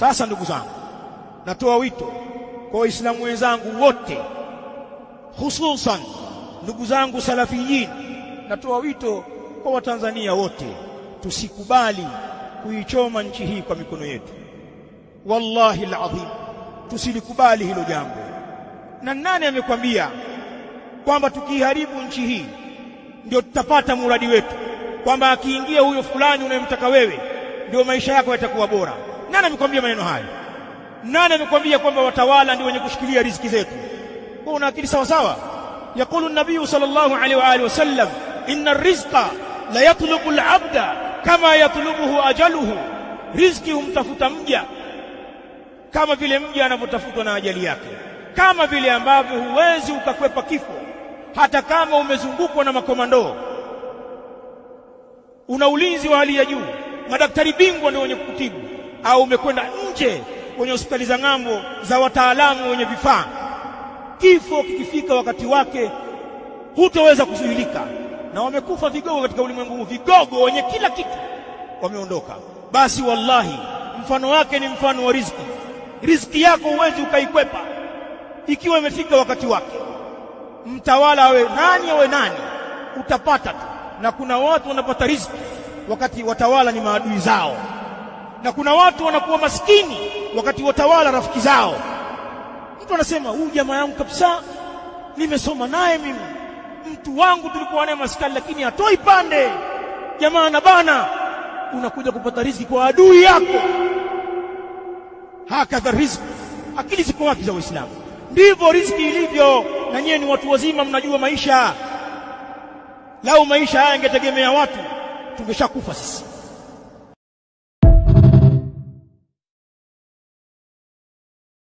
Sasa ndugu zangu, natoa wito kwa waislamu wenzangu wote, hususan ndugu zangu salafiyin, natoa wito kwa watanzania wote, tusikubali kuichoma nchi hii kwa mikono yetu. Wallahi alazim, tusilikubali hilo jambo. Na nani amekwambia kwamba tukiharibu nchi hii ndio tutapata muradi wetu, kwamba akiingia huyo fulani unayemtaka wewe ndio maisha yako yatakuwa bora? Nani amekwambia maneno haya? Nani amekwambia kwamba watawala ndio wenye kushikilia riziki zetu? Kwa una akili sawa sawa? Yakulu nabiyu sallallahu alaihi wa alihi wasallam, inna rizqa la yatlubu al-abda kama yatlubuhu ajaluhu, riziki humtafuta mja kama vile mja anavyotafutwa na ajali yake, kama vile ambavyo huwezi ukakwepa kifo hata kama umezungukwa na makomandoo, una ulinzi wa hali ya juu, madaktari bingwa ndio wenye kukutibu au umekwenda nje kwenye hospitali za ng'ambo za wataalamu wenye vifaa, kifo kikifika wakati wake hutoweza kuzuilika. Na wamekufa vigogo katika ulimwengu huu, vigogo wenye kila kitu wameondoka. Basi wallahi, mfano wake ni mfano wa riziki. Riziki yako huwezi ukaikwepa ikiwa imefika wakati wake. Mtawala awe nani awe nani, utapata tu. Na kuna watu wanapata riziki wakati watawala ni maadui zao na kuna watu wanakuwa maskini wakati watawala rafiki zao. Mtu anasema huyu jamaa yangu kabisa, nimesoma naye mimi, mtu wangu tulikuwa naye maskani, lakini hatoi pande, jamaa na bana Unakuja kupata riziki kwa adui yako. Hakadha riziki, akili ziko wapi za Waislamu? Ndivyo riziki ilivyo, na nyiye ni watu wazima, mnajua maisha. Lau maisha haya yangetegemea watu, tungeshakufa sisi.